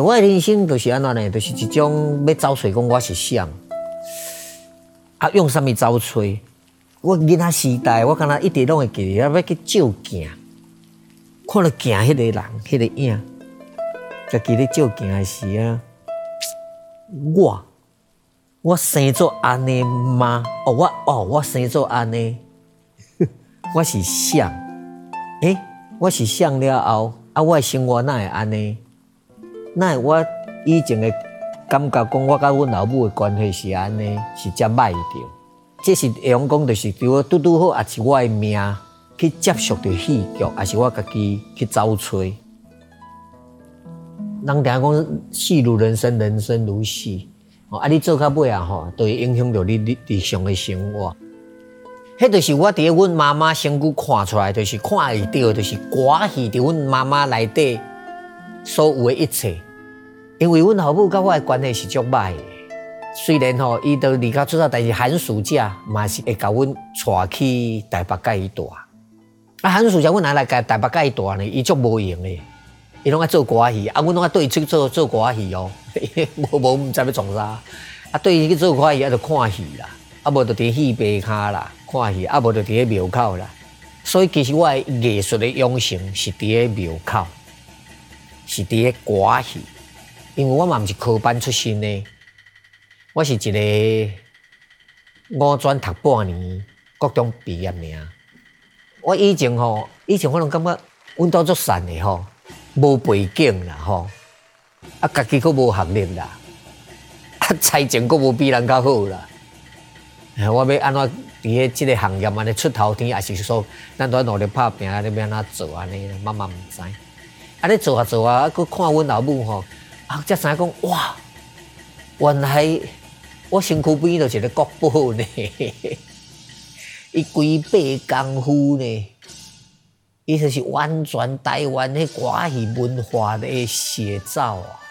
我的人生就是安怎呢？就是一種要找誰講我是相，啊用什麼找誰？我囝仔時代我敢那一直攏會記，啊要去照鏡，看到鏡迄個人、迄、那個影，才記得照鏡誒，是啊，我我生做安尼嗎？哦我哦我生做安尼、 欸，我是相，誒、啊，我是相了後啊，我的生活哪會安尼？那我以前的感覺，講我甲阮老母的關係是安尼，是真歹的。即是會用講，就是對我拄拄好，也是我的命去接受着戲劇，也是我家己去找找。人聽講戲如人生，人生如戲。哦啊，你做到尾啊吼，哦、就會影響着你你你上誒生活。迄就是我佇阮媽媽身軀看出來，就是看得到，就是關係佇阮媽媽內底。所有的一切，因為阮老母甲我的關係是足歹，雖然吼，伊都離家出走，但是寒暑假嘛是會甲阮帶去台北甲伊住。啊，寒暑假阮若來甲台北甲伊住呢，伊足無閒嘞，伊攏愛做歌戲，啊，阮攏愛對伊出做做、喔、 做歌戲哦，無無毋知要創啥。啊，對伊去做歌戲，啊，就看戲啦，啊，無着佇戲班骹啦，看戲，啊，無着佇咧廟口啦。所以其實我嘅藝術嘅養成是佇咧廟口。是佇個歌戲，因為我嘛毋是科班出身的，我是一個五專讀半年，國中畢業名。我以前吼，以前我攏感覺，阮兜足散的吼，無背景啦吼，啊家己佫無學歷啦，啊才情佫無比人家好啦。哎，我要安怎佇個即個行業安尼出頭天，抑是說，咱都要努力打拼，安尼要安怎做安尼，我嘛毋知。啊！你做啊做啊，啊！佮看阮老母吼，啊！才知影講哇，原來我身軀邊就是一個國寶呢，伊幾百功夫呢，伊就是完全台灣迄歌戲文化的寫照啊。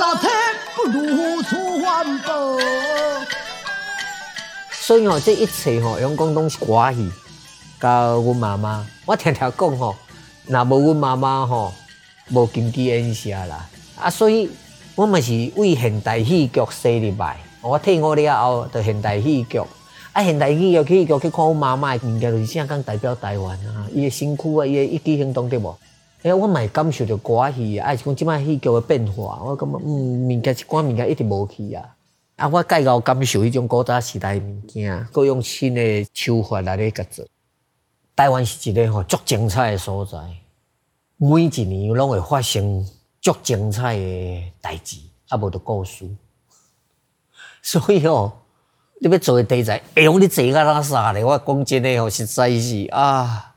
早餐不如穿白。所以吼，這一切吼，楊光都是關係。到我媽媽，我天天講吼，若無我媽媽吼，無經濟影響啦。啊，所以，我嘛是為現代戲劇設立來。我退伍了後，就現代戲劇，啊，現代戲劇，去劇去看我媽媽，應該就是正講代表台灣啊，伊的辛苦啊，伊個一舉一動對無？哎、欸，我嘛會感受着歌戲，哎、啊就是講即擺戲劇個變化，我感覺嗯，物件一寡物件一直無去啊。啊，我介夠感受迄種古早時代物件，佮用新個手法來咧甲做。台灣是一個吼足精彩誒所在，每一年攏會發生足精彩誒代志，啊無着故事。所以吼、哦，你要做誒題材，會用你坐甲拉薩咧？我講真誒吼、哦，實在是啊。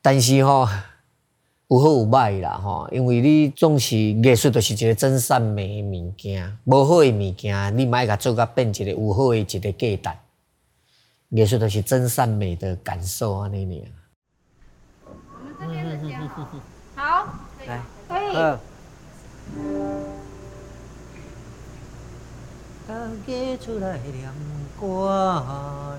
但是吼、哦。有好有歹啦，吼，因為你總是藝術，就是一個真善美的物件。無好的物件，你莫甲做甲變一個有好的一個價值。藝術就是真善美的感受啊，你你啊。我們這邊的嘉賓，好。來，對。啊，夜出來亮光。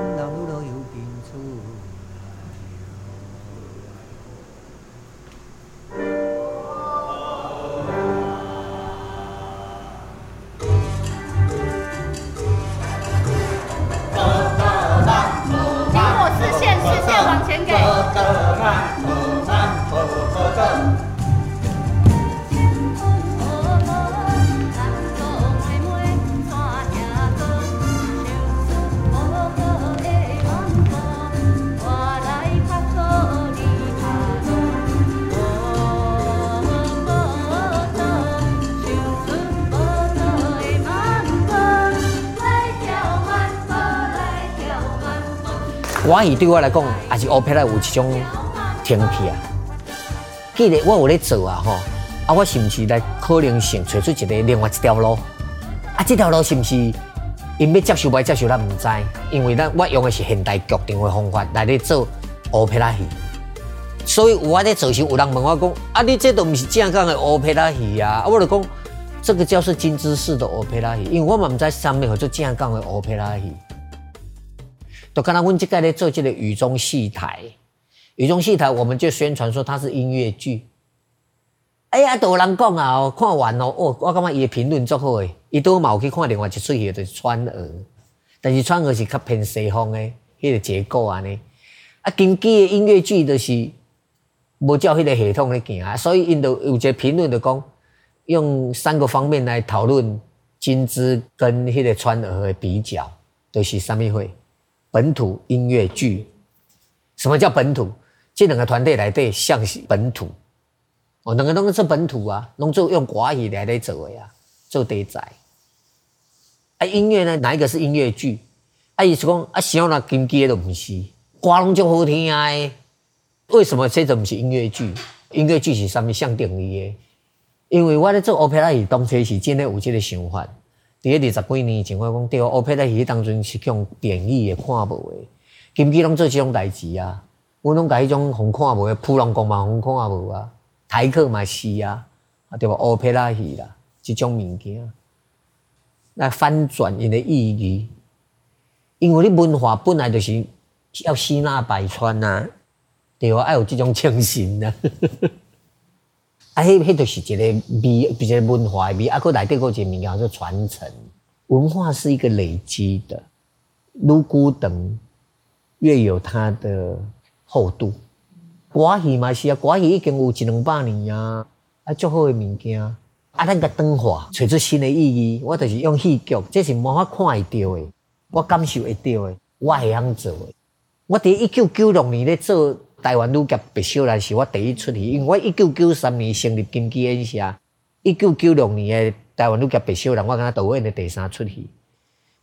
蛙魚對我來講，也是歐佩拉有一種天皮啊。既然我有咧做啊吼，啊，我是唔是來可能性找出一個另外一條路？啊，這條路是唔是因要接受不接受，咱唔知道。因為咱我用的是現代決定的方法來咧做歐佩拉戲，所以我在做時有人問我講：啊，你這都唔是正港的歐佩拉戲啊？啊，我就講這個叫做金枝式的歐佩拉戲，因為我嘛唔知什麼叫做正港的歐佩拉戲。就剛剛阮即個咧，做即個雨中戲台，雨中戲台我們就宣傳說它是音樂劇、欸。哎呀，都有人講啊、喔，看完咯、喔，哦，我感覺伊的評論足好個，伊都嘛有去看另外一出戲，就是《川娥》，但是《川娥》是較偏西方個，迄、那個結構安尼。啊，金枝音樂劇就是無照迄個系統嚟行，啊，所以因就有些評論就講，用三個方面來討論金枝跟迄個《川娥》的比較，就是啥物會。本土音樂劇，什麼叫本土？這兩個團隊來對像是本土，哦，兩個都是本土啊，都做用國語來在做呀、啊，做題材。啊，音樂呢，哪一個是音樂劇？啊，伊是講啊，像你京劇都唔是，國語就好聽哎、啊。為什麼這種唔是音樂劇？音樂劇是上面像定義的，因為我咧做 opera 當初是真的有這個想法。在二十幾年情況下講，對烏奧佩拉戲當中是用貶義的，看不的。京劇攏做這種代志啊，阮攏改迄種互看不的，普朗公嘛互看不啊，台客嘛是啊，對吧？奧佩拉戲啦，這種物件，那翻轉伊的意義，因為你文化本來就是要吸納百川啊，對哦，要有這種精神啊。 啊，迄、迄就是一個味，一個文化的味，啊，閣內底閣有一個物件叫做傳承。文化是一個累積的，越古董越有它的厚度。歌仔戲嘛是啊，歌仔戲已經有一兩百年啊，啊，足好的物件啊，咱甲轉化，找出新的意義。我就是用戲劇，這是無法看會到的，我感受會到的，我會曉做的。我佇一九九六年咧做。台灣女俠白小蘭是我第一齣戲，因為我一九九三年成立金枝演社，一九九六年誒，台灣女俠白小蘭我敢那導演誒第三齣戲，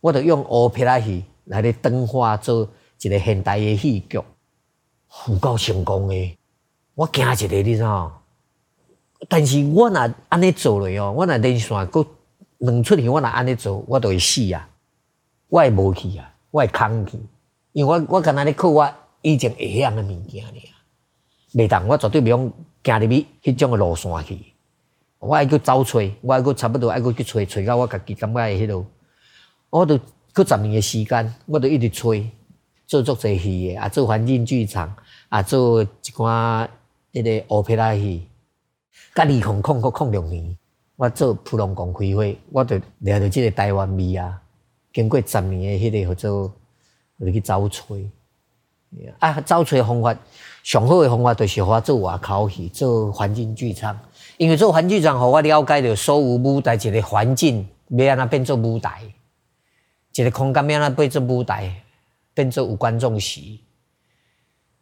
我着用烏皮拉戲來咧轉化做一個現代誒戲劇，有夠成功誒。我驚一個你知無？但是我若安尼做落去哦，我若連續擱兩齣戲，我若安尼做，我都會死啊，我會無去啊，我會空去，因為我我敢那咧靠我。以前會遐樣個物件呢？袂當，我絕對袂用行入去迄種個路線去。我愛去走找，我愛閣差不多愛閣去找，找到我家己感覺會迄囉。我著閣十年的時間，我著一直找，做足濟戲個，啊做環境劇場，啊做一寡迄個胡撇仔戲，甲二控控閣控兩年，我做浮浪貢開花，我着掠着即個台灣味啊。經過十年的迄、那個，我著去走找。Yeah. 啊，找出方法，上好誒方法就是我做外口戲，做環境劇場。因為做環境劇場，互我了解到所有舞台一個環境，要安怎變作舞台，一個空間要安怎變作舞台，變作有觀眾席。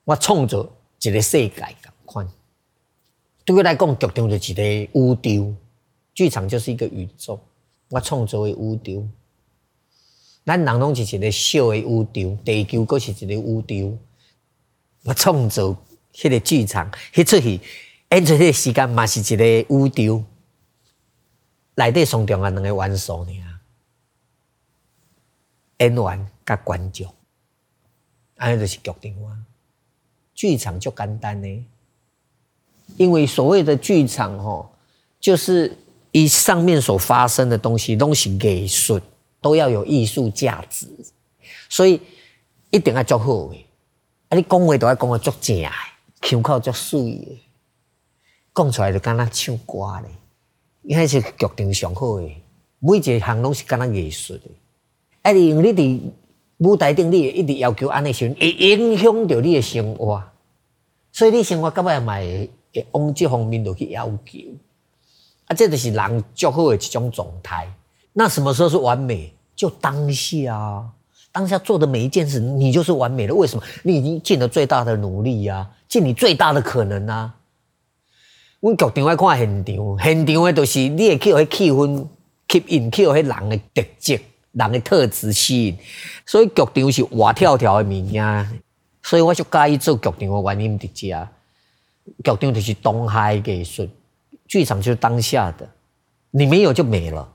我創造一個世界感觀，對我來講，劇場就是一個宇宙，劇場就是一個宇宙。我創造誒宇宙。咱人攏是一個小的宇宙，地球擱是一個宇宙，我創造迄個劇場，迄出戲，演出迄個時間嘛是一個宇宙，內底上重要兩個元素爾演員甲觀眾，安尼就是劇場哇。劇場足簡單誒，因為所謂的劇場吼，就是伊上面所發生的東西攏是藝術。都要有藝術價值，所以一定要足好的。啊，你講話都要講個足正的，腔口足水的，講出來就敢若唱歌的。伊迄是劇場上好的，每一項攏是敢若藝術的。啊，利用你佇舞台頂，你一直要求安尼時，會影響着你的生活。所以你生活甲要賣往這方面落去要求。啊，這就是人足好的一種狀態。那什麼時候是完美？就當下啊！當下做的每一件事，你就是完美了。為什麼？你已經盡了最大的努力啊，盡你最大的可能啊！我劇場愛看現場，現場的都是你也可會去，keep in, 那氣氛，吸引，去那人的特質，人的特質性。所以劇場是活跳跳的物件、嗯，所以我就介意做劇場的原因。直接，劇場就是東海給順，劇場就是當下的，你沒有就沒了。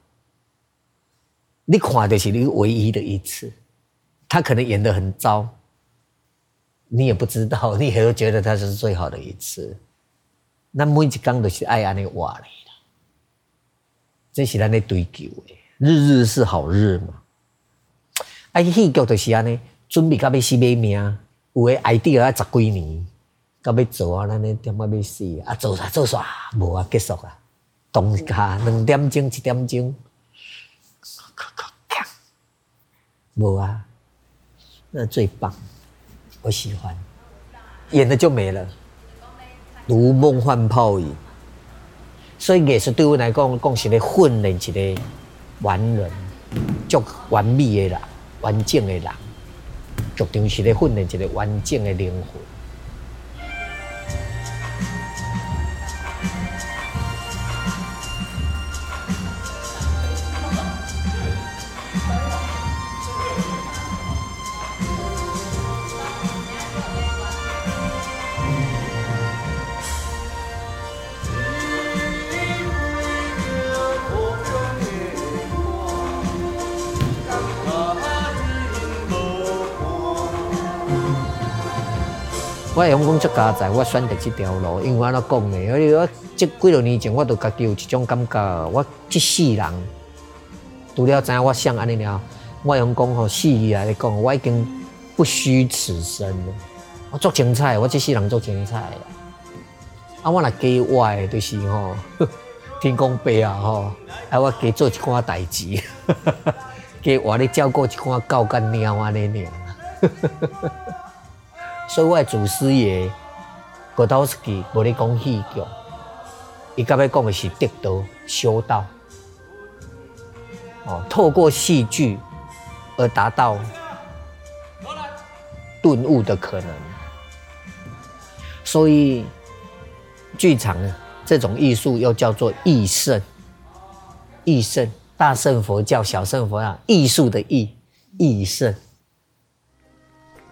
你看就是你唯一的一次，他可能演得很糟，你也不知道，你也會覺得他是最好的一次。那每一工都是愛安尼活。話這是咱的追求，日日是好日嘛，啊，戲劇就是安尼，準備到要死買命，有誒 idea 啊十幾年，到要做啊，咱咧點啊要死，啊做煞做煞無啊結束啊，當下兩點鐘，一點鐘。無啊，那最棒，我喜歡，演了就沒了，如夢幻泡影。所以藝術對我來講，講是咧訓練一個完人，足完美的人，完整的人，足像是咧訓練一個完整的靈魂。我會用講做家在，我選擇這條路，因為我哪講呢？我我即幾個年前，我都家己有一種感覺，我即世人除了知影我想安尼爾，我會用講吼，死來來講，我已經不虛此生了。我做精彩，我即世人做精彩，啊就是就是。啊，我來加活誒，著是吼，天公伯啊吼，啊我加做一寡代志，加活咧照顧一寡狗干貓安尼爾。所以，祖師爺葛羅托斯基，無咧講戲劇，伊剛才講的是得道、修道。哦，透過戲劇而達到頓悟的可能。所以，劇場呢，這種藝術又叫做藝乘。藝乘，大乘佛教、小乘佛教，藝術的藝，藝乘。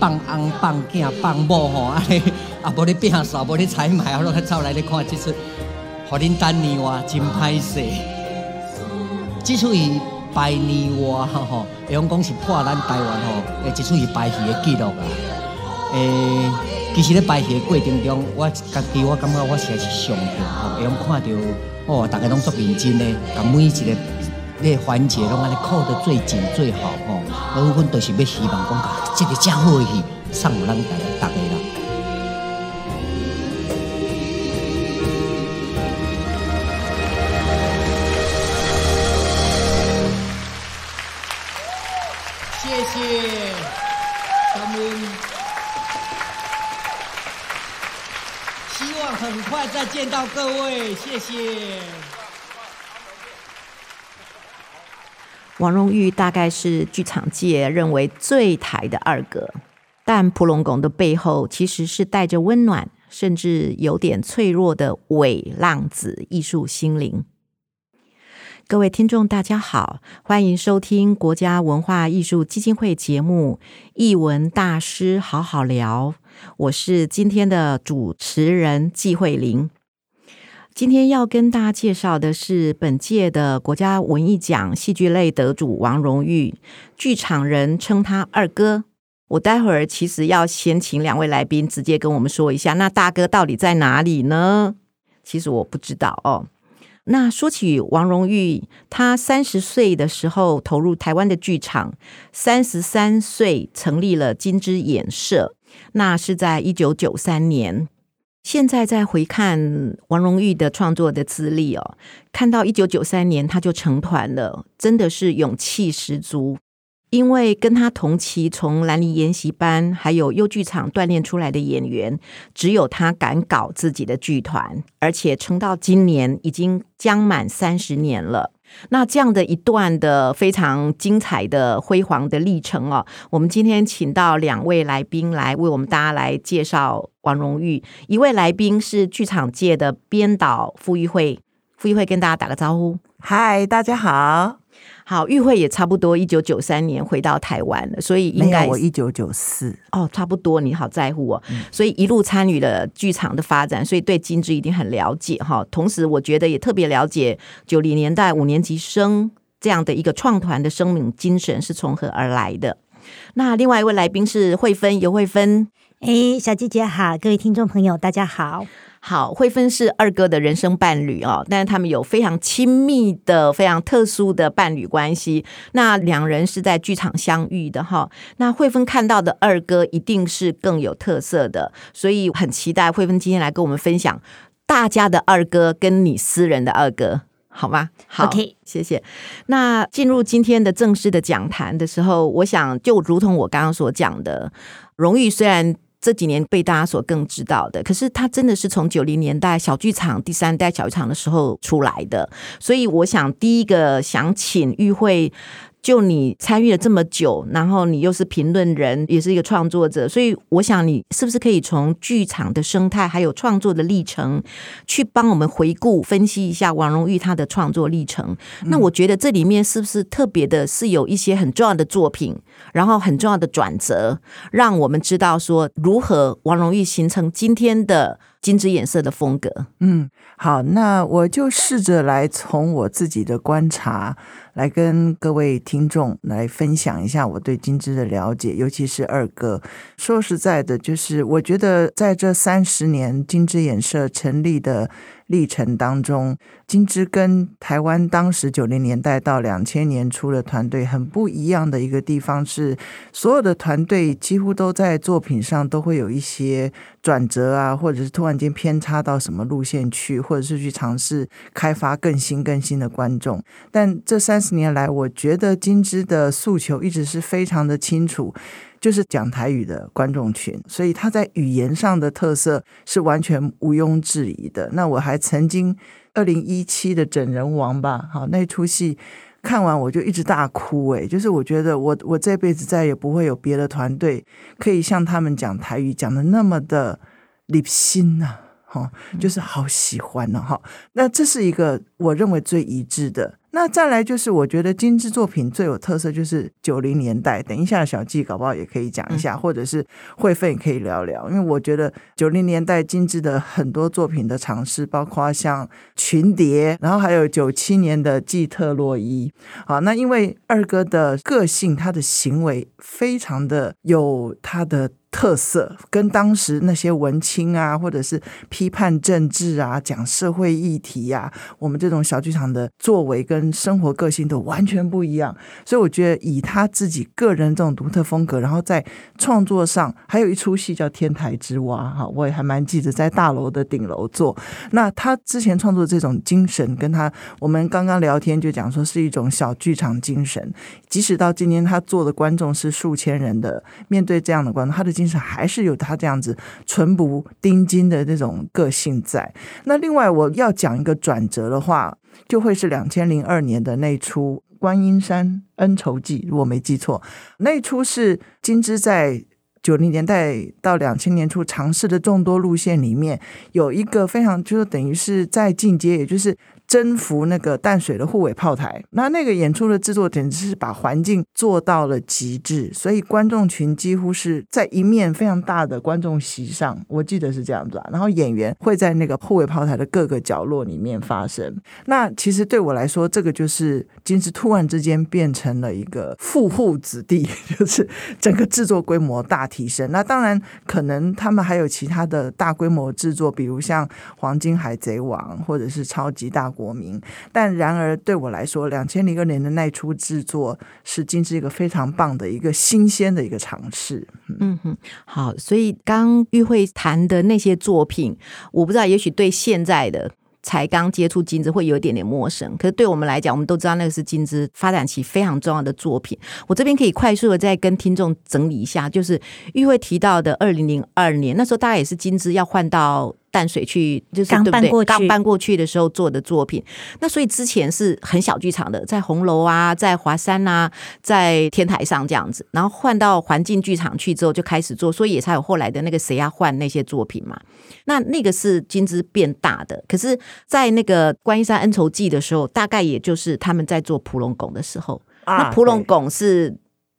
放公放囝放某吼，喔啊，安尼阿無你摒掃、無你採買，我都走來咧看你。即次互恁等年外真歹勢，即次是百年外吼，會用講是破咱台灣吼，誒，一次是排戲的記錄啦。誒，其實咧排戲的過程中，我家己我感覺我也是上去吼，會用看到，喔，大家攏作認真咧，甲每一個。那環節都安尼扣得最緊最好吼、哦，我們都是要希望講把、啊、這個家伙去送給人家大家啦。謝謝，希望很快再見到各位，謝謝。王榮裕大概是劇場界認為最台的二哥，但蒲隆拱的背後其實是帶着溫暖，甚至有點脆弱的偽浪子藝術心靈。各位聽眾，大家好，歡迎收聽國家文化藝術基金會節目《藝文大師好好聊》，我是今天的主持人紀慧玲。今天要跟大家介紹的是本屆的國家文藝獎戲劇類得主王榮裕，劇場人稱他二哥。我待會兒其實要先請兩位來賓直接跟我們說一下，那大哥到底在哪裡呢？其實我不知道哦。那說起王榮裕，他三十歲的時候投入台灣的劇場，三十三歲成立了金枝演社，那是在一九九三年。現在再回看王榮裕的創作的資歷哦，看到一九九三年他就成團了，真的是勇氣十足。因為跟他同期從蘭陵研習班還有幼劇場鍛鍊出來的演員，只有他敢搞自己的劇團，而且撐到今年已經將滿三十年了。那這樣的一段的非常精彩的輝煌的歷程哦，我們今天請到兩位來賓來為我們大家來介紹王榮裕。一位來賓是劇場界的編導傅裕惠，傅裕惠跟大家打個招呼。嗨，大家好。好，裕惠也差不多一九九三年回到台灣了，所以應該沒有，我一九九四哦，差不多。你好，在乎我、哦嗯，所以一路參與了劇場的發展，所以對金枝一定很了解哈、哦。同時，我覺得也特別了解九零年代五年級生這樣的一個創團的生命精神是從何而來的。那另外一位來賓是蕙芬，游蕙芬，哎、欸，小姐姐好，各位聽眾朋友大家好。好，蕙芬是二哥的人生伴侶哦，但是他們有非常親密的、非常特殊的伴侶關係。那兩人是在劇場相遇的哈、哦。那蕙芬看到的二哥一定是更有特色的，所以很期待蕙芬今天來跟我們分享大家的二哥跟你私人的二哥，好嗎？好，okay. 謝謝。那進入今天的正式的講壇的時候，我想就如同我剛剛所講的，榮裕雖然，這幾年被大家所更知道的，可是他真的是從九零年代小劇場第三代小劇場的時候出來的，所以我想第一個想請裕惠。就你參與了這麼久，然後你又是評論人，也是一個創作者，所以我想你是不是可以從劇場的生態，還有創作的歷程，去幫我們回顧分析一下王榮裕他的創作歷程？嗯。那我覺得這裡面是不是特別的是有一些很重要的作品，然後很重要的轉折，讓我們知道說如何王榮裕形成今天的。金枝演社的風格，嗯，好，那我就試着來從我自己的觀察來跟各位聽眾來分享一下我對金枝的了解，尤其是二哥，說實在的，就是我覺得在這三十年金枝演社成立的。歷程當中，金枝跟台灣當時九零年代到兩千年初的團隊很不一樣的一個地方是，所有的團隊幾乎都在作品上都會有一些轉折啊，或者是突然間偏差到什麼路線去，或者是去嘗試開發更新更新的觀眾。但這三十年來，我覺得金枝的訴求一直是非常的清楚。就是講台語的觀眾群，所以他在語言上的特色是完全毋庸置疑的。那我還曾經二零一七的整人王吧，好，那出戲看完我就一直大哭，誒，就是我覺得我我這輩子再也不會有別的團隊可以像他們講台語講的那麼的理性吶，哈，就是好喜歡呢，哈。那這是一個我認為最一致的。那再來就是，我覺得金枝作品最有特色就是九零年代。等一下，小紀搞不好也可以講一下，嗯，或者是蕙芬也可以聊聊，因為我覺得九零年代金枝的很多作品的嘗試，包括像《群蝶》，然後還有九七年的《祭特洛伊》。好，那因為二哥的個性，他的行為非常的有他的特色跟當時那些文青啊，或者是批判政治啊、講社會議題呀、啊，我們這種小劇場的作為跟生活個性都完全不一樣。所以我覺得以他自己個人這種獨特風格，然後在創作上，還有一出戲叫《天台之蛙》哈，我也還蠻記得在大樓的頂樓做。那他之前創作這種精神，跟他我們剛剛聊天就講說是一種小劇場精神，即使到今天他做的觀眾是數千人的，面對這樣的觀眾，他的。還是有他這樣子唇不丁金的那種個性在。那另外我要講一個轉折的話，就會是兩千零二年的那出《觀音山恩仇記》，我沒記錯，那出是金枝在九零年代到兩千年初嘗試的眾多路線裡面，有一個非常，就是等於是在進階，也就是。征服那個淡水的滬尾炮台，那那個演出的製作簡直是把環境做到了極致，所以觀眾群幾乎是在一面非常大的觀眾席上，我記得是這樣子啊。然後演員會在那個滬尾炮台的各個角落裡面發生。那其實對我來說，這個就是金枝突然之間變成了一個富戶子弟，就是整個製作規模大提升。那當然可能他們還有其他的大規模製作，比如像《黃金海賊王》或者是超級大。國民，但然而對我來說，兩千零二年的那出製作是金枝一個非常棒的一個新鮮的一個嘗試。嗯哼，好，所以剛裕惠談的那些作品，我不知道，也許對現在的才剛接觸金枝會有一點點陌生。可是對我們來講，我們都知道那個是金枝發展期非常重要的作品。我這邊可以快速的再跟聽眾整理一下，就是裕惠提到的二零零二年，那時候大概也是金枝要換到。淡水去就是剛搬，過去對不對？剛搬過去的時候做的作品，那所以之前是很小劇場的，在紅樓啊，在華山啊，在天台上這樣子，然後換到環境劇場去之後就開始做，所以也才有後來的那個誰要換那些作品嘛。那那個是金枝變大的，可是在那個觀音山恩仇記的時候，大概也就是他們在做浮浪貢的時候，啊、那浮浪貢是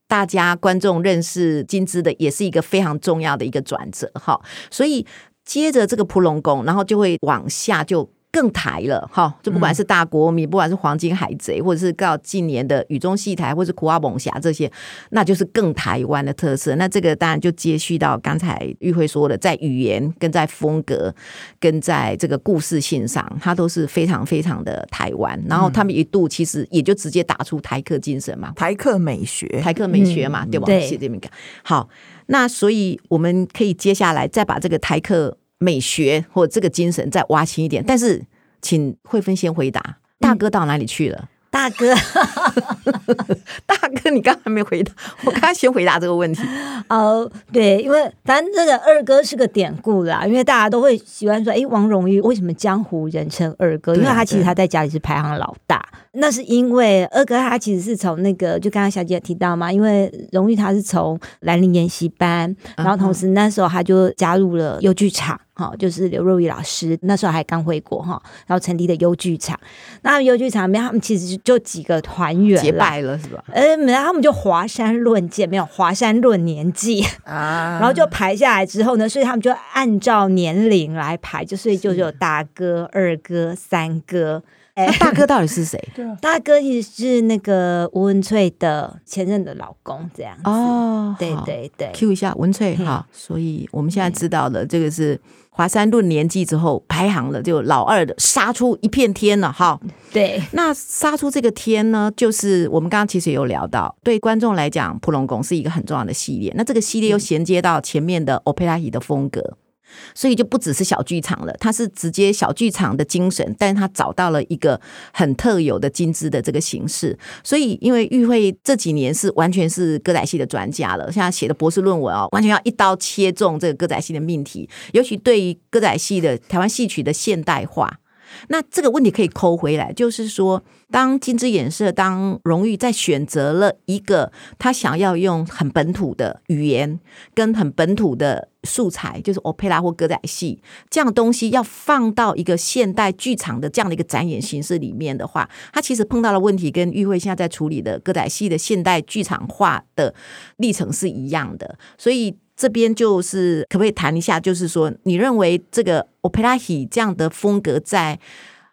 大家觀眾認識金枝的，也是一個非常重要的一個轉折哈，所以。接着這個蒲隆宮，然後就會往下就，更台了哈，就不管是大國民，嗯、不管是黃金海賊，或者是到近年的雨中戲台，或者是苦阿猛俠這些，那就是更台灣的特色。那這個當然就接續到剛才玉慧說的，在語言跟在風格跟在這個故事性上，它都是非常非常的台灣。然後他們一度其實也就直接打出台客精神嘛，嗯、台客美學，台客美學嘛，嗯、對吧？謝謝敏哥。好，那所以我們可以接下來再把這個台客。美學或這個精神再挖深一點，但是請蕙芬先回答，大哥到哪裡去了？大、嗯、哥，大哥， 大哥你剛還沒回答，我剛，剛先回答這個問題。哦、呃，對，因為咱這個二哥是個典故啦，因為大家都會喜歡說，哎，王榮裕為什麼江湖人稱二哥？因為他其實他在家裡是排行老大。那是因為二哥他其實是從那個，就剛剛小姐提到嘛，因為榮裕他是從蘭陵研習班、嗯，然後同時那時候他就加入了優劇場，哈，就是劉若瑀老師那時候還剛回國哈，然後成立的優劇場。那優劇場裡面他們其實就幾個團員結拜了是吧？嗯，然後他們就華山論劍，沒有華山論年紀啊，然後就排下來之後呢，所以他們就按照年齡來排，就所以就有大哥、二哥、三哥。哎， 大哥到底是誰？ 大哥也是那個吳文翠的前任的老公這樣子。哦，對對對，Q，哦、一下文翠哈，嗯。所以我們現在知道了，這個是華山論年紀之後排行了，就老二的殺出一片天了哈，嗯。對，那殺出這個天呢，就是我們剛剛其實也有聊到，對觀眾來講，《普龍宮》是一個很重要的系列。那這個系列又銜接到前面的《歐佩拉》戲的風格。嗯所以就不只是小劇場了，它是直接小劇場的精神，但是它找到了一個很特有的金枝的這個形式。所以，因為裕惠這幾年是完全是歌仔戲的專家了，現在寫的博士論文哦，完全要一刀切中這個歌仔戲的命題，尤其對於歌仔戲的台灣戲曲的現代化。那這個問題可以摳回來，就是說，當金枝演社、當榮裕在選擇了一個他想要用很本土的語言跟很本土的素材，就是 opera 或歌仔戲這樣東西，要放到一個現代劇場的這樣的一個展演形式裡面的話，他其實碰到的問題跟裕惠現在在處理的歌仔戲的現代劇場化的歷程是一樣的，所以。這邊就是，可不可以談一下？就是說，你認為這個胡撇仔戲這樣的風格，在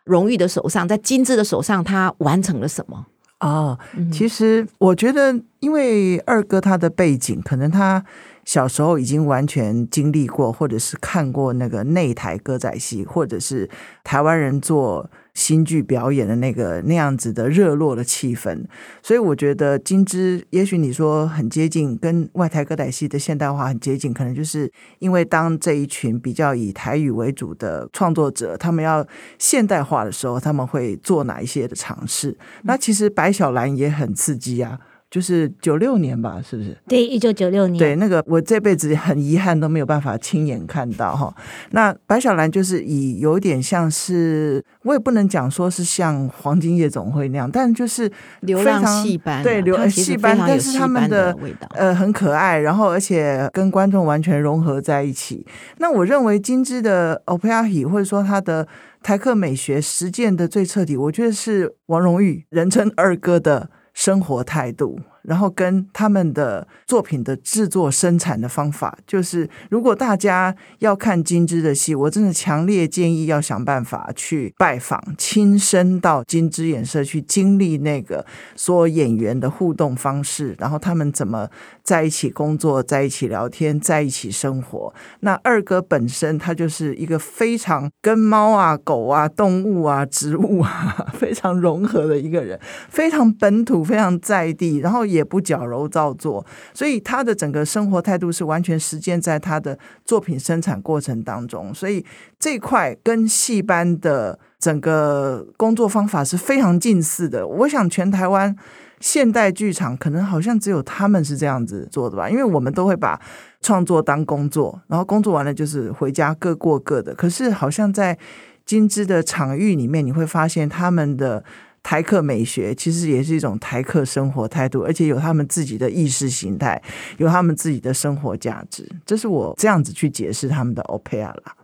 榮裕的手上，在金枝的手上，他完成了什麼？哦，其實我覺得，因為二哥他的背景，可能他小時候已經完全經歷過，或者是看過那個內台歌仔戲，或者是台灣人做。新劇表演的那個那樣子的熱絡的氣氛，所以我覺得金枝，也許你說很接近，跟外台歌仔戲的現代化很接近，可能就是因為當這一群比較以台語為主的創作者，他們要現代化的時候，他們會做哪一些的嘗試？嗯、那其實白小蘭也很刺激啊。就是九六年吧，是不是？對，一九九六年。對，那個我這輩子很遺憾都沒有辦法親眼看到哈。那白小蘭就是以有點像是，我也不能講說是像黃金夜總會那樣，但就是非常流浪戲班，對，流浪戲班，但是他們的，的呃很可愛，然後而且跟觀眾完全融合在一起。那我認為金枝的 opera 或者說他的台客美學實踐的最徹底，我覺得是王榮裕，人稱二哥的。生活態度，然後跟他們的作品的制作、生產的方法，就是如果大家要看金枝的戲，我真的強烈建議要想辦法去拜訪，親身到金枝演社去經歷那個所有演員的互動方式，然後他們怎麼在一起工作，在一起聊天，在一起生活。那二哥本身他就是一個非常跟貓啊、狗啊、動物啊、植物啊非常融合的一個人，非常本土、非常在地，然後也不矯揉造作，所以他的整個生活態度是完全實踐在他的作品生產過程當中。所以這塊跟戲班的整個工作方法是非常近似的。我想全台灣。現代劇場可能好像只有他們是這樣子做的吧，因為我們都會把創作當工作，然後工作完了就是回家各過各的。可是好像在金枝的場域裡面，你會發現他們的台客美學其實也是一種台客生活態度，而且有他們自己的意識形態，有他們自己的生活價值。這是我這樣子去解釋他們的 opera 啦。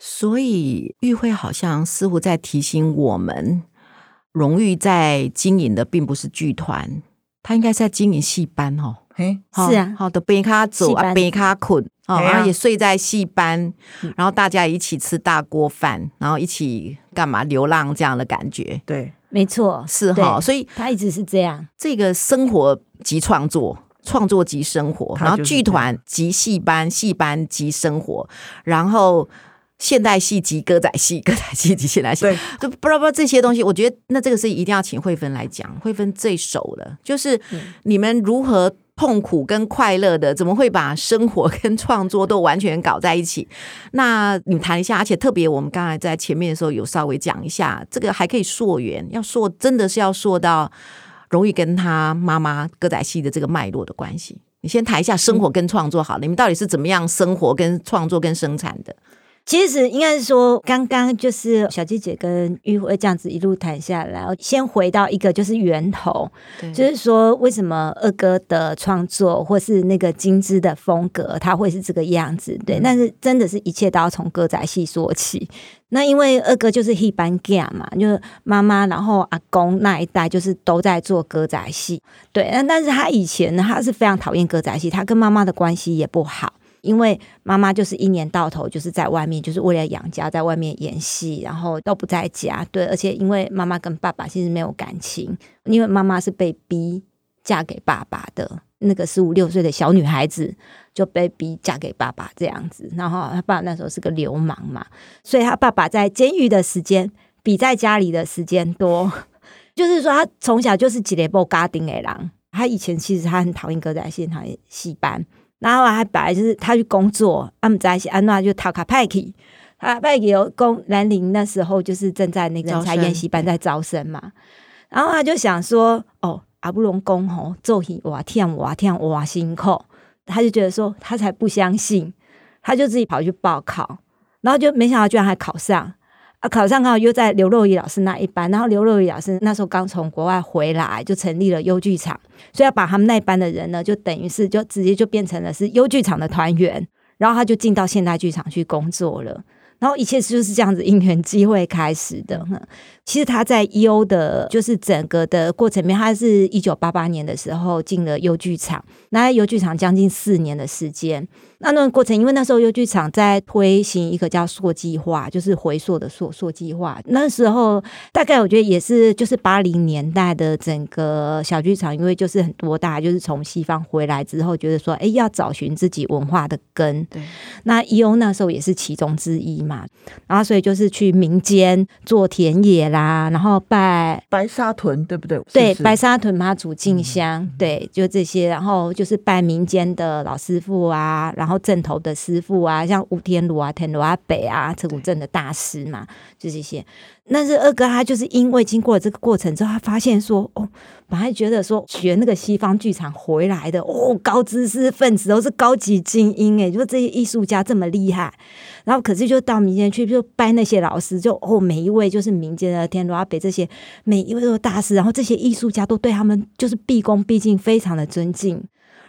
所以裕惠好像似乎在提醒我們。榮裕在經營的並不是劇團，他應該是在經營戲班哦。哎，是啊，好的，背卡走啊，背卡困啊，然後也睡在戲班，然後大家一起吃大鍋飯，然後一起幹嘛流浪這樣的感覺。對，沒錯，是哈，所以他一直是這樣。這個生活即創作，創作即生活，然後劇團即戲班，戲班即生活，然後。現代戲及歌仔戲，歌仔戲及現代戲，對，不知道，不知道這些東西，我覺得那這個是一定要請蕙芬來講，蕙芬最熟了。就是你們如何痛苦跟快樂的，怎麼會把生活跟創作都完全搞在一起？那你們談一下，而且特別我們剛才在前面的時候有稍微講一下，這個還可以溯源，要溯真的是要溯到榮裕跟他媽媽歌仔戲的這個脈絡的關係。你先談一下生活跟創作好了，了、嗯，你們到底是怎麼樣生活跟創作跟生產的？其實應該是說，剛剛就是小紀姐跟裕惠這樣子一路談下來，先回到一個就是源頭，對，就是說為什麼二哥的創作或是那個金枝的風格，他會是這個樣子，對、嗯。但是真的是一切都要從歌仔戲說起。那因為二哥就是戲班家嘛，就是媽媽，然後阿公那一代就是都在做歌仔戲，對。那但是他以前呢，他是非常討厭歌仔戲，他跟媽媽的關係也不好。因為媽媽就是一年到頭就是在外面，就是為了養家，在外面演戲，然後都不在家。對，而且因為媽媽跟爸爸其實沒有感情，因為媽媽是被逼嫁給爸爸的。那個十五六歲的小女孩子就被逼嫁給爸爸這樣子。然後他爸那時候是個流氓嘛，所以他爸爸在監獄的時間比在家裡的時間多。就是說，他從小就是吉雷布嘎丁的人。他以前其實他很討厭歌仔戲，討厭戲班。然後、啊、他本來就是他去工作，他們在一起安娜就逃卡派克，他派克有工蘭陵，那時候就是正在那個人才研習班在招生嘛、嗯，然後他就想說，哦，阿布龍工吼，做戲我天我天我辛苦，他就覺得說他才不相信，他就自己跑去報考，然後就沒想到居然還考上。啊，考上後又在劉若瑀老師那一班，然後劉若瑀老師那時候剛從國外回來，就成立了優劇場，所以要把他們那一班的人呢，就等於是就直接就變成了是優劇場的團員，然後他就進到現代劇場去工作了，然後一切就是這樣子因緣機會開始的。其實他在優的就是整個的過程裡面，他是一九八八年的時候進了優劇場，那在優劇場將近四年的時間。那段、個、過程，因為那時候優劇場在推行一個叫“溯計劃”，就是回溯的溯、“溯，溯計劃”。那時候大概我覺得也是，就是八零年代的整個小劇場，因為就是很多大家就是從西方回來之後，覺得說，哎、欸，要找尋自己文化的根。對。那伊歐那時候也是其中之一嘛，然後所以就是去民間做田野啦，然後拜白沙屯，對不對？對，是是白沙屯媽祖進香，嗯嗯，對，就這些，然後就是拜民間的老師傅啊，然後。然後陣頭的師傅啊，像吳天羅啊、天羅阿伯啊，車鼓陣的大師嘛，就這、是、些。但是二哥他就是因為經過了這個過程之後，他發現說，哦，本來覺得說學那個西方劇場回來的，哦，高知識分子都是高級精英，誒說這些藝術家這麼厲害。然後可是就到民間去，就拜那些老師，就哦，每一位就是民間的天羅阿伯這些，每一位都是大師。然後這些藝術家都對他們就是畢恭畢敬，非常的尊敬。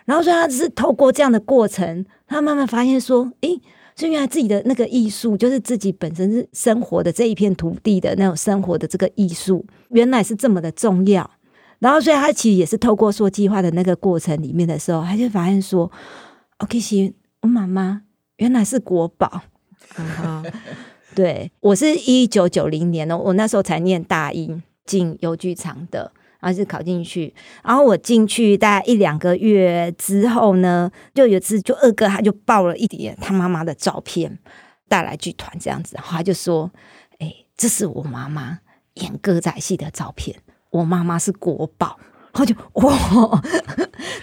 然後所以他只是透過這樣的過程，他慢慢發現說，誒，是因為他自己的那個藝術，就是自己本身是生活的這一片土地的那種生活的這個藝術，原來是這麼的重要。然後所以他其實也是透過說計劃的那個過程裡面的時候，他就發現說，OK 西，哦、其實我媽媽原來是國寶，哈 哈，對我是一九九零年哦，我那時候才念大一進優劇場的。然後就考進去，然後我進去大概一兩個月之後呢，就有一次就二哥他就抱了一疊他媽媽的照片，帶來劇團這樣子，然後他就說：“哎、欸，這是我媽媽演歌仔戲的照片，我媽媽是國寶。”好，就哇、哦，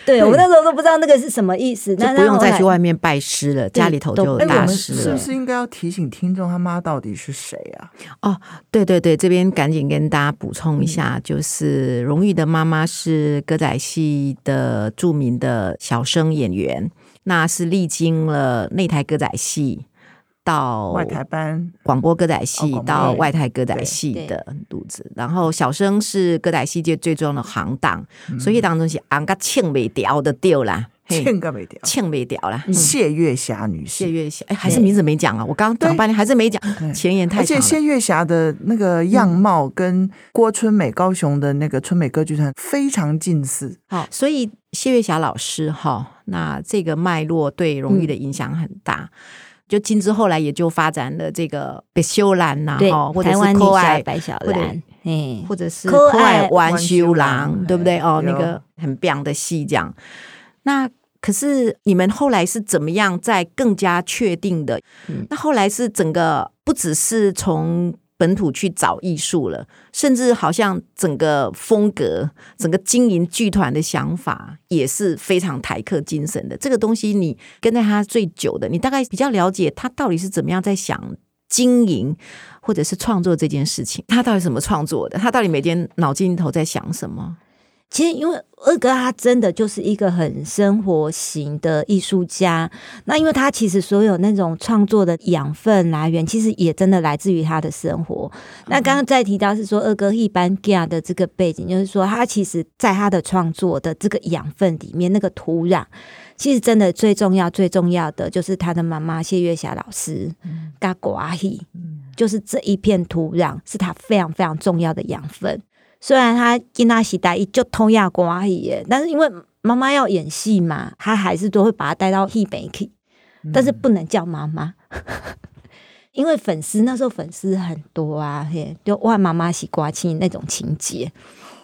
對我們那時候都不知道那個是什麼意思，那不用再去外面拜師了，家裡頭就大師了。是不是應該要提醒聽眾他媽到底是誰啊？哦，對對對，這邊趕緊跟大家補充一下，嗯、就是榮裕的媽媽是歌仔戲的著名的小生演員，那是歷經了內台歌仔戲到外台班廣播歌仔戲、哦，到外台歌仔戲的肚子，然後小生是歌仔戲界最重要的行當，嗯、所以當中是人家慶美調的調啦，慶個美調，慶美調了。嗯了嗯、謝月霞女士，謝月霞，哎，還是名字沒講啊，我剛剛講半天還是沒講，前言太長。而且謝月霞的那個樣貌跟郭春美高雄的那個春美歌劇團非常近似，好、嗯哦，所以謝月霞老師哈，那這個脈絡對榮裕的影響很大。嗯就金枝，後來也就發展了這個白小蘭吶、啊，哈，或者是可愛灣白小蘭，嗯，或者是可愛冤仇人、嗯，對不對？對哦對，那個很漂亮的戲講，這樣。那可是你們後來是怎麼樣在更加確定的、嗯？那後來是整個不只是從。本土去找藝術了，甚至好像整個風格、整個經營劇團的想法也是非常台客精神的。這個東西，你跟在他最久的，你大概比較了解他到底是怎麼樣在想經營，或者是創作這件事情。他到底是怎麼創作的？他到底每天腦筋裡頭在想什麼？其實，因為二哥他真的就是一個很生活型的藝術家。那因為他其實所有那種創作的養分來、啊、源，其實也真的來自於他的生活。嗯、那剛剛在提到是說二哥一般 g i 的這個背景，就是說他其實在他的創作的這個養分裡面，那個土壤其實真的最重要、最重要的就是他的媽媽謝月霞老師。嗯，嘎果阿姨，嗯，就是這一片土壤是他非常非常重要的養分。雖然他跟阿西帶伊就通亞瓜伊，但是因為媽媽要演戲嘛，他還是都會把他帶到戲北去，但是不能叫媽媽，嗯、 因為粉絲那時候粉絲很多啊，嘿，就哇媽媽是瓜青那種情節，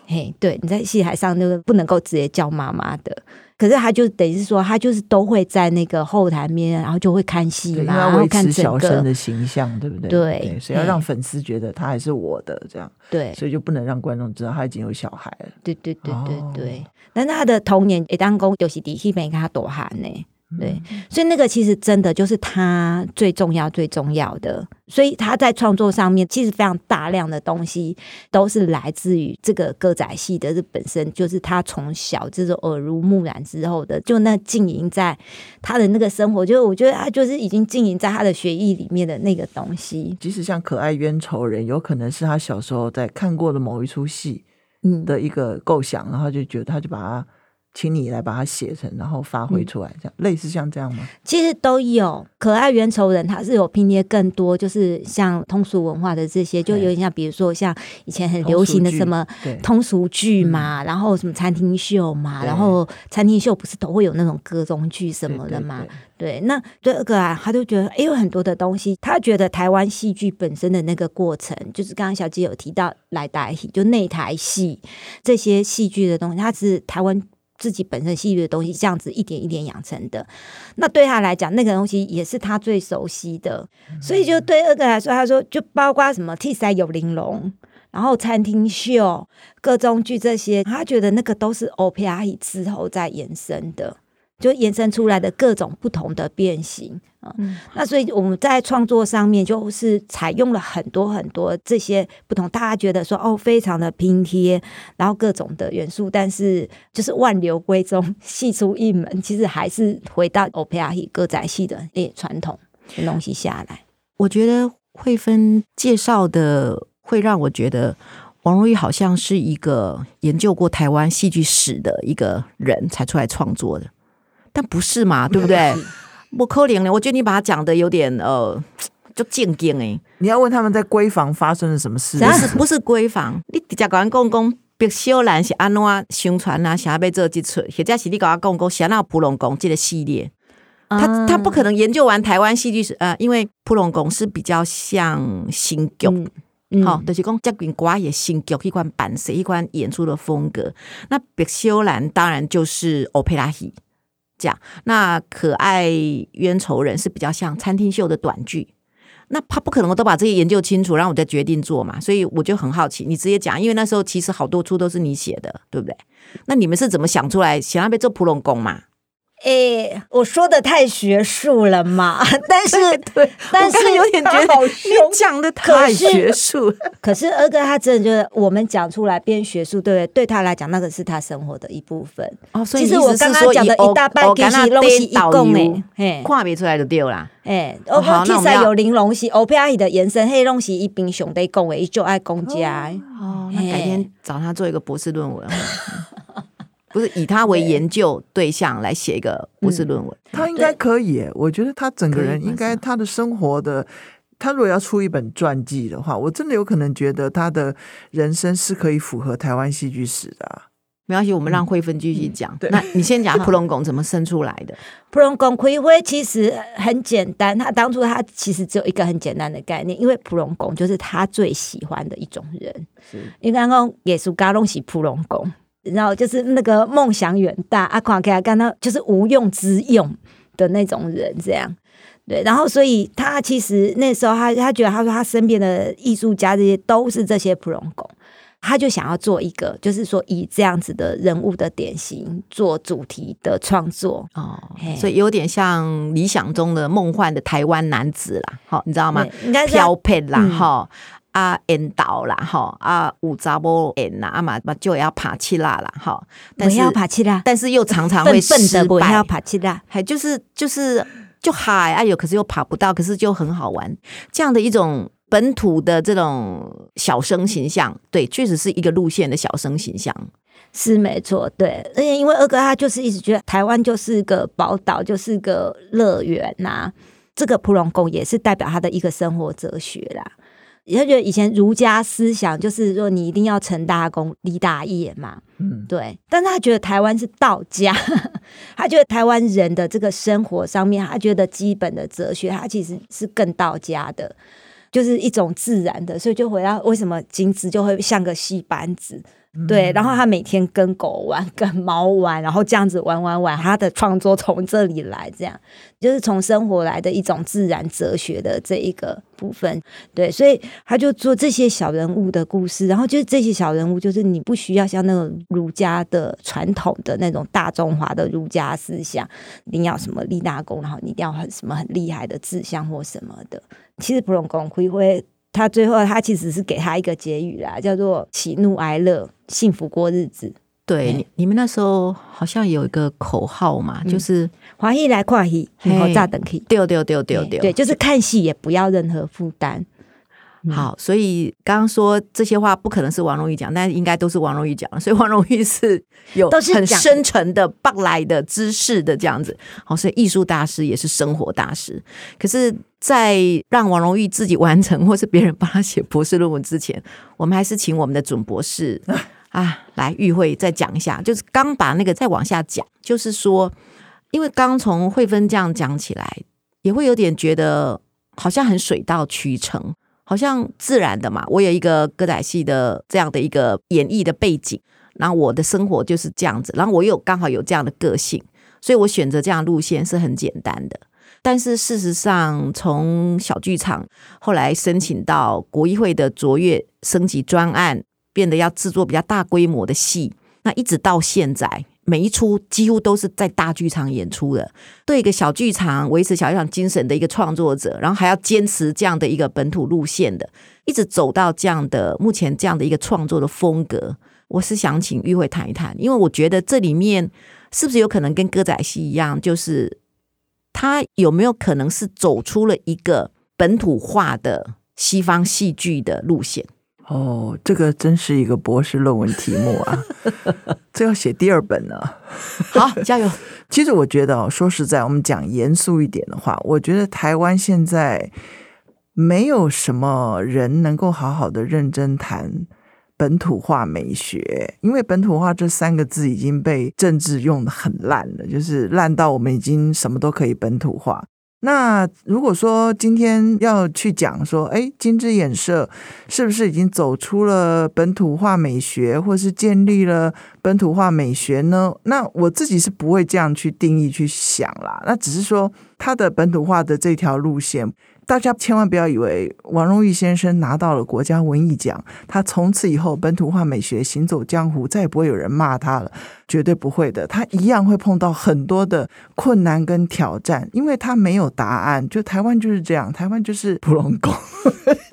嘿，對，你在戲台上就是不能夠直接叫媽媽的。可是他就是等於是說，他就是都會在那個後台面，然後就會看戲嘛，維持小生，然後看這個的形象，對不對，對？對，所以要讓粉絲覺得他還是我的這樣。對，所以就不能讓觀眾知道他已經有小孩了。對對對對對，對、哦。但是他的童年說的，哎，當公有些底戲沒跟他多寒呢。對，所以那個其實真的就是他最重要、最重要的。所以他在創作上面，其實非常大量的東西都是來自於這個歌仔戲的這本身，就是他從小就是耳濡目染之後的。就那浸淫在他的那個生活，就是我覺得他就是已經浸淫在他的血液裡面的那個東西。即使像可愛冤仇人，有可能是他小時候在看過的某一出戲，嗯，的一個構想，然後就覺得他就把它。請你來把它寫成，然後發揮出來，這樣類似像這樣嗎？其實都有可愛圓頭人，他是有拼貼更多，就是像通俗文化的這些，就有點像，比如說像以前很流行的什麼通俗劇嘛，然後什麼餐廳秀嘛，然後餐廳秀不是都會有那種歌中劇什麼的嘛？對，那第二個啊，他就覺得也、欸、有很多的東西，他覺得台灣戲劇本身的那個過程，就是剛剛小姐有提到來台戲，就那台戲這些戲劇的東西，他是台灣。自己本身系列的東西，這樣子一點一點養成的。那對他來講，那個東西也是他最熟悉的，嗯、所以就對二哥來說，他說就包括什麼 T 三有玲瓏，然後餐廳秀、各種劇這些，他覺得那個都是 OPI 之後再延伸的。就延伸出來的各種不同的變形嗯，那所以我們在創作上面就是採用了很多很多這些不同，大家覺得說哦，非常的拼貼，然後各種的元素，但是就是萬流歸宗，戲出一門，其實還是回到 opera 歌仔戲的那傳統的東西下來。我覺得蕙芬介紹的會讓我覺得王榮裕好像是一個研究過台灣戲劇史的一個人才出來創作的。但不是嘛，對不對？我 可憐了，我覺得你把它講的有點呃，就正經欸。你要問他們在閨房發生了什麼事？不是不是閨房，你直接跟我講講，白秀蘭是安怎宣傳啊？想要被做幾出？或者是你跟我講講，想要那個普隆宮這個系列？他、嗯、他不可能研究完台灣戲劇史，呃，因為普隆宮是比較像新劇，嗯，好、嗯，就是講接近歌仔新劇一款版式，一款演出的風格。嗯、那白秀蘭當然就是歐佩拉戲。講，那可愛冤仇人是比較像餐廳秀的短劇，那他不可能我都把這些研究清楚，然後我再決定做嘛，所以我就很好奇，你直接講，因為那時候其實好多出都是你寫的，對不對？那你們是怎麼想出來想要被做普龍公嘛？哎、欸，我說得太學術了嘛？但是， 對對對，但是有點覺得好兇，你講得太學術。可是， 可是二哥他真的就是我們講出來變學術，對不對？對他來講，那個是他生活的一部分。哦，所以你只是說剛剛的是他的、哦、以是說是他歐龍一導員，看別出來就對啦。哎、欸，歐歐 T 三有玲瓏西 Opera 的延伸，黑龍西一兵熊得攻一就愛公家、這個、哦，哦，那改天找他做一個博士論文。 不是以他為研究對象來寫一個博士論文，嗯嗯，他應該可以耶。我覺得他整個人應該，他的生活的，他如果要出一本傳記的話，我真的有可能覺得他的人生是可以符合台灣戲劇史的啊。沒關係，我們讓蕙芬繼續講。嗯嗯、 那你先講浮浪貢怎麼生出來的？浮 浪貢開花其實很簡單，他當初他其實只有一個很簡單的概念，因為浮浪貢就是他最喜歡的一種人。是，因為剛剛也是噶隆喜浮浪然後就是那個夢想遠大，阿狂給他幹到就是無用之用的那種人，這樣對。然後所以他其實那時候他他覺得他說他身邊的藝術家這些都是這些普隆公，他就想要做一個，就是說以這樣子的人物的典型做主題的創作哦，所以有點像理想中的夢幻的台灣男子啦，好，你知道嗎？應該是標配啦，哈、嗯。啊，淹倒啦，吼，啊，五爪波淹吶，啊嘛，媽就要爬起來啦吼。但是不要爬起來，但是又常常會失敗。笨笨的不要爬起來，還就是就是就嗨！哎呦，可是又爬不到，可是就很好玩。這樣的一種本土的這種小生形象、嗯，對，確實是一個路線的小生形象，是沒錯。對，而且因為二哥他就是一直覺得台灣就是一個寶島，就是個樂園吶、啊。這個普龍貢也是代表他的一個生活哲學啦。他覺得以前儒家思想就是說你一定要成大功立大業嘛，嗯，對。但是他覺得台灣是道家， 他覺得台灣人的這個生活上面，他覺得基本的哲學，他其實是更道家的，就是一種自然的。所以就回到為什麼金枝就會像個戲班子。對，然後他每天跟狗玩，跟貓玩，然後這樣子玩玩玩，他的創作從這裡來，這樣就是從生活來的一種自然哲學的這一個部分。對，所以他就做這些小人物的故事，然後就是這些小人物，就是你不需要像那種儒家的傳統的那種大中華的儒家思想，一定要什麼立大功，然後你一定要很什麼很厲害的志向或什麼的。其實不用講，可以會。他最後，他其實是給他一個結語啦，叫做“喜怒哀樂，幸福過日子”對。對、欸，你們那時候好像有一個口號嘛，嗯、就是“歡喜來看然後價等戲”。對對對對對，對，就是看戲也不要任何負擔。嗯、好，所以剛剛說這些話不可能是王榮裕講，但應該都是王榮裕講，所以王榮裕是有都是很深沉的、爆來的知識的這樣子。好，所以藝術大師也是生活大師。可是，在讓王榮裕自己完成或是別人幫他寫博士論文之前，我們還是請我們的準博士 啊來裕惠再講一下，就是剛把那個再往下講，就是說，因為剛從蕙芬這樣講起來，也會有點覺得好像很水到渠成。好像自然的嘛，我有一個歌仔戲的這樣的一個演繹的背景，然後我的生活就是這樣子，然後我又剛好有這樣的個性，所以我選擇這樣路線是很簡單的。但是事實上，從小劇場後來申請到國藝會的卓越升級專案，變得要制作比較大規模的戲，那一直到現在。每一出幾乎都是在大劇場演出的。對一個小劇場維持小劇場精神的一個創作者，然後還要堅持這樣的一個本土路線的，一直走到這樣的目前這樣的一個創作的風格，我是想請裕惠談一談，因為我覺得這裡面是不是有可能跟歌仔戲一樣，就是他有沒有可能是走出了一個本土化的西方戲劇的路線？哦，這個真是一個博士論文題目啊！ 這要寫第二本了啊。 好，加油。其實我覺得，說實在，我們講嚴肅一點的話，我覺得台灣現在沒有什麼人能夠好好的認真談本土化美學，因為本土化這三個字已經被政治用的很爛了，就是爛到我們已經什麼都可以本土化。那如果說今天要去講說，哎，金枝演社是不是已經走出了本土化美學，或是建立了本土化美學呢？那我自己是不會這樣去定義去想啦。那只是說它的本土化的這條路線。大家千萬不要以為王榮裕先生拿到了國家文藝獎，他從此以後本土化美學行走江湖，再也不會有人罵他了，絕對不會的，他一樣會碰到很多的困難跟挑戰，因為他沒有答案。就台灣就是這樣，台灣就是普攏貢，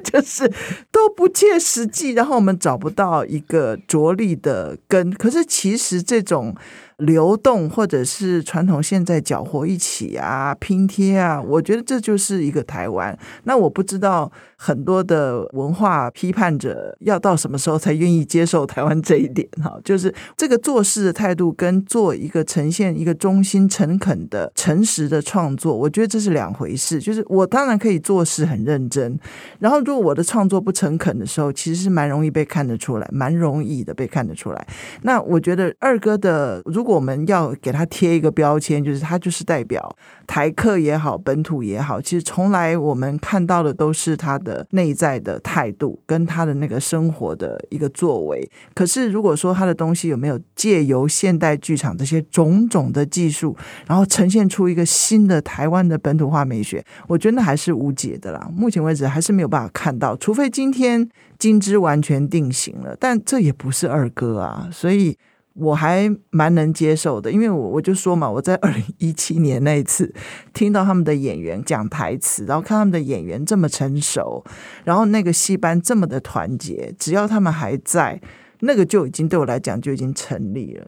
就是都不切實際，然後我們找不到一個着力的根。可是其實這種。流動或者是傳統，現在攪和一起啊，拼貼啊，我覺得這就是一個台灣。那我不知道很多的文化批判者要到什麼時候才願意接受台灣這一點哈，就是這個做事的態度跟做一個呈現一個忠心、誠懇的、誠實的創作，我覺得這是兩回事。就是我當然可以做事很認真，然後如果我的創作不誠懇的時候，其實是蠻容易被看得出來，蠻容易的被看得出來。那我覺得二哥的如果。我們要給他貼一個標籤，就是他就是代表台客也好，本土也好。其實從來我們看到的都是他的內在的態度跟他的那個生活的一個作為。可是如果說他的東西有沒有借由現代劇場這些種種的技術，然後呈現出一個新的台灣的本土化美學，我覺得還是無解的啦。目前為止還是沒有辦法看到，除非今天金枝完全定型了，但這也不是二哥啊，所以。我還蠻能接受的，因為我我就說嘛，我在二零一七年那一次聽到他們的演員講台詞，然後看他們的演員這麼成熟，然後那個戲班這麼的團結，只要他們還在，那個就已經對我來講就已經成立了。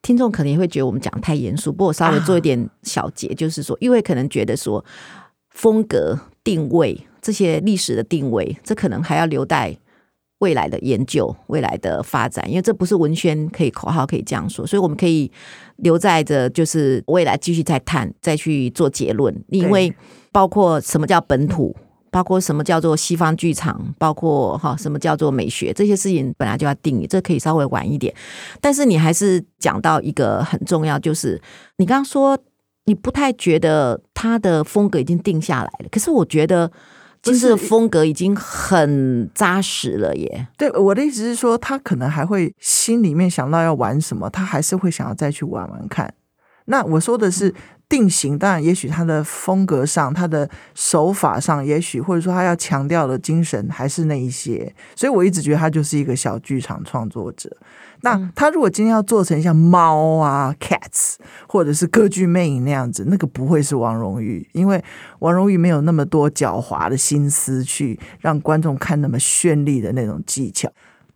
聽眾可能也會覺得我們講得太嚴肅，不過我稍微做一點小結，啊、就是說，因為可能覺得說風格定位這些歷史的定位，這可能還要留待，未來的研究，未來的發展，因為這不是文宣可以口號可以這樣說，所以我們可以留在着，就是未來繼續再探，再去做結論。因為包括什麼叫本土，包括什麼叫做西方劇場，包括哈什麼叫做美學，這些事情本來就要定義，這可以稍微晚一點。但是你還是講到一個很重要，就是你剛剛說你不太覺得他的風格已經定下來了，可是我覺得。就是風格已經很扎實了耶。對，我的意思是說，他可能還會心裡面想到要玩什麼，他還是會想要再去玩玩看。那我說的是定型，當然、嗯、也許他的風格上、他的手法上也，也許或者說他要強調的精神還是那一些。所以我一直覺得他就是一個小劇場創作者。那他如果今天要做成像貓啊，cats，或者是《歌劇魅影》那樣子，那個不會是王榮裕，因為王榮裕沒有那麼多狡猾的心思去讓觀眾看那麼絢麗的那種技巧。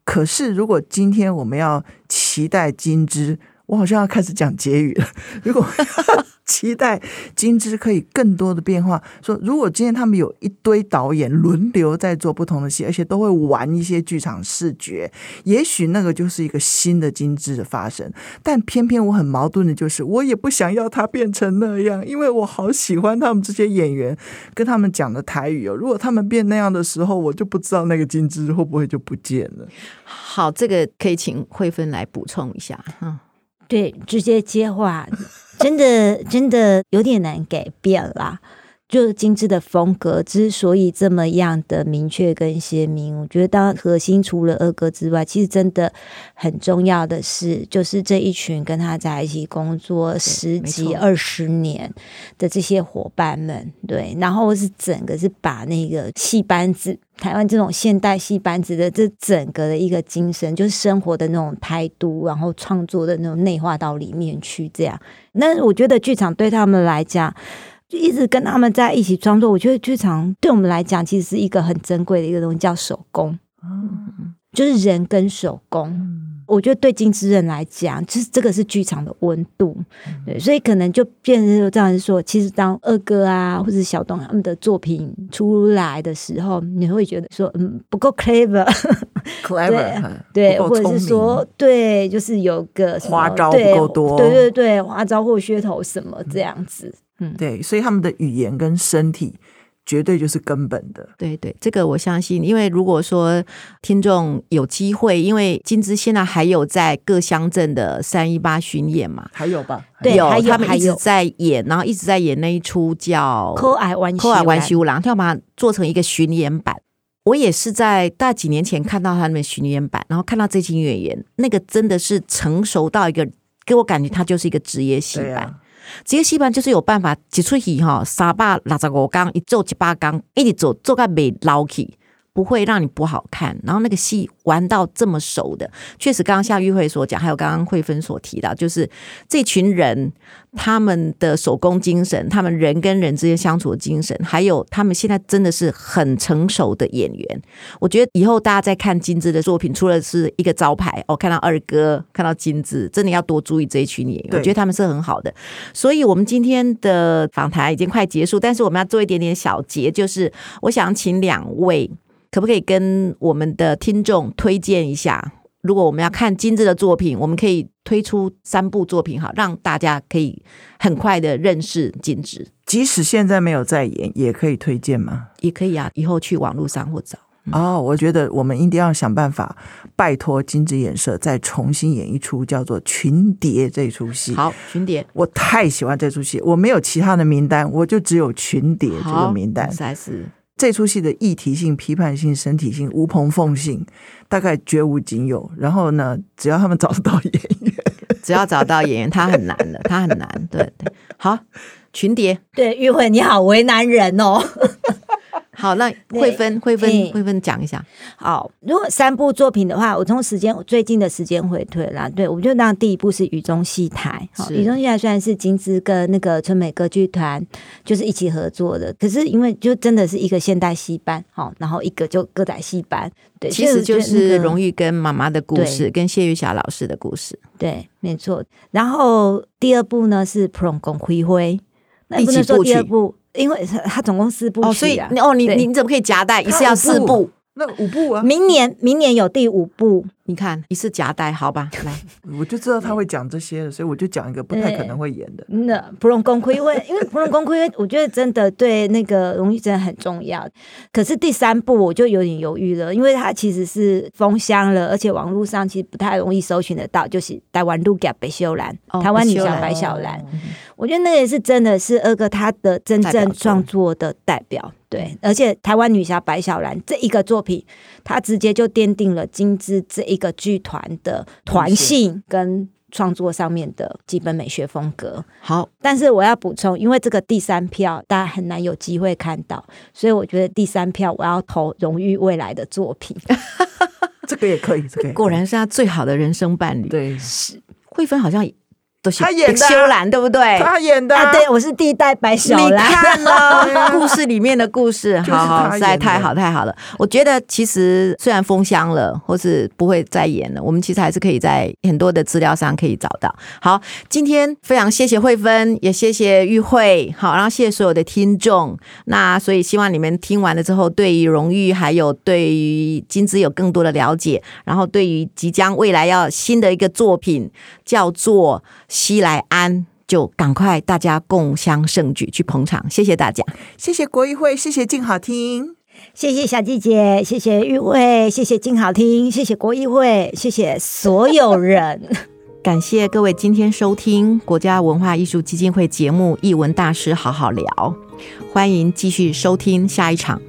可是如果今天我們要期待金枝，我好像要開始講結語了。如果期待金枝可以更多的變化，說如果今天他們有一堆導演輪流在做不同的戲，而且都會玩一些劇場視覺，也許那個就是一個新的金枝的發生。但偏偏我很矛盾的就是，我也不想要他變成那樣，因為我好喜歡他們這些演員跟他們講的台語哦。如果他們變那樣的時候，我就不知道那個金枝會不會就不見了。好，這個可以請蕙芬來補充一下，哈、嗯。對，直接接話，真的真的有點難改變了。就是精緻的風格之所以這麼樣的明確跟鮮明，我覺得當然核心除了二哥之外，其實真的很重要的是，就是這一群跟他在一起工作十幾二十年的這些夥伴們，對，對，然後是整個是把那個戲班子，台灣這種現代戲班子的這整個的一個精神，就是生活的那種態度，然後創作的那種內化到裡面去，這樣。那我覺得劇場對他們來講。就一直跟他們在一起創作，我覺得劇場對我們來講，其實是一個很珍貴的一個東西，叫手工。哦、就是人跟手工。嗯、我覺得對金枝人來講，就是這個是劇場的溫度、嗯。對，所以可能就變成這樣子說，其實當二哥啊或者小東他們的作品出來的時候，你會覺得說，嗯，不夠 clever，clever， 對，對， 或者是說，對，就是有個什麼花招不夠多，對，對對對，花招或噱頭什麼這樣子。嗯嗯，對，所以他們的語言跟身體絕對就是根本的、嗯。對對，這個我相信，因為如果說聽眾有機會，因為金枝現在還有在各鄉鎮的三一八巡演嘛，還有吧？對，有，還有他們還一直在演，然後一直在演那一出叫《可愛冤可愛冤仇人》，他要把它做成一個巡演版。我也是在大幾年前看到他們巡演版，嗯、然後看到這群演員，那個真的是成熟到一個，給我感覺他就是一個職業戲班。嗯這個戲班就是有辦法一出戲吼三百六十五天，一做一百天，一直做，做甲未老去。不會讓你不好看。然後那個戲玩到這麼熟的，確實，剛剛裕惠所講，還有剛剛蕙芬所提到，就是這群人他們的手工精神，他們人跟人之間相處的精神，還有他們現在真的是很成熟的演員。我覺得以後大家在看金枝的作品，除了是一個招牌，哦，看到二哥，看到金枝，真的要多注意這一群演員。我覺得他們是很好的。所以，我們今天的訪談已經快結束，但是我們要做一點點小結，就是我想請兩位。可不可以跟我們的聽眾推薦一下？如果我們要看金枝的作品，我們可以推出三部作品好，好讓大家可以很快的認識金枝。即使現在沒有在演，也可以推薦嗎？也可以啊，以後去網絡上或找。哦，我覺得我們一定要想辦法拜托金枝演社再重新演一出叫做群《群蝶》這出戲。好，《群蝶》，我太喜歡這出戲，我沒有其他的名單，我就只有《群蝶》這個名單 這出戲的議題性、批判性、身體性、無朋縫性，大概絕無僅有。然後呢，只要他們找得到演員，只要找到演員，他很難的， 他很難。對對，好，群蝶，對裕惠，你好為難人哦。 好，那蕙芬蕙芬蕙芬講一下。好，如果三部作品的話，我從時間最近的時間回退啦。對，我們就當第一部是《雨中戲台》。《雨中戲台》雖然是金枝跟那個春美歌劇團就是一起合作的，可是因為就真的是一個現代戲班，好，然後一個就歌仔戲班，對，其實就是榮裕跟媽媽的故事，跟謝玉霞老師的故事，對，沒錯。然後第二部呢是《普龍公灰灰》，那你不能說第二部。因為它總共四部曲，哦，所以哦，你你，你怎麼可以夾帶？你是要四部，那五部啊？明年，明年有第五部。你看，一次夾帶，好吧，來， 我就知道他會講這些， 所以我就講一個不太可能會演的。那浮浪貢開花因為，因為浮浪貢開花，我覺得真的對那個榮裕真的很重要。 可是第三部我就有點猶豫了，因為他其實是封箱了，而且網絡上其實不太容易搜尋得到。就是台灣女俠白秀蘭，台灣女俠白小蘭、嗯，我覺得那也是真的是二哥他的真正創作的代表，代表。對，而且台灣女俠白小蘭這一個作品，她直接就奠定了金枝這一。一個劇團的團性跟創作上面的基本美學風格好，但是我要補充，因為這個第三票大家很難有機會看到，所以我覺得第三票我要投榮裕未來的作品， 這個也可以，這個果然是他最好的人生伴侶。對，是蕙芬好像。他演的,、啊他演的啊、修蘭對不對？他演的、啊啊、對我是第一代白小蘭。你看呢？ 故事裡面的故事，就是、好好實在太好太好了。我覺得其實雖然封箱了，或是不會再演了，我們其實還是可以在很多的資料上可以找到。好，今天非常謝謝蕙芬，也謝謝裕惠，好，然後謝謝所有的聽眾。那所以希望你們聽完了之後，對於榮裕還有對於金枝有更多的了解，然後對於即將未來要新的一個作品叫做。西來安就趕快，大家共襄盛舉去捧場，謝謝大家，謝謝國藝會，謝謝靜好聽，謝謝小姐姐，謝謝裕惠，謝謝靜好聽，謝謝國藝會，謝謝所有人， 感謝各位今天收聽國家文化藝術基金會節目《藝文大師好好聊》，歡迎繼續收聽下一場。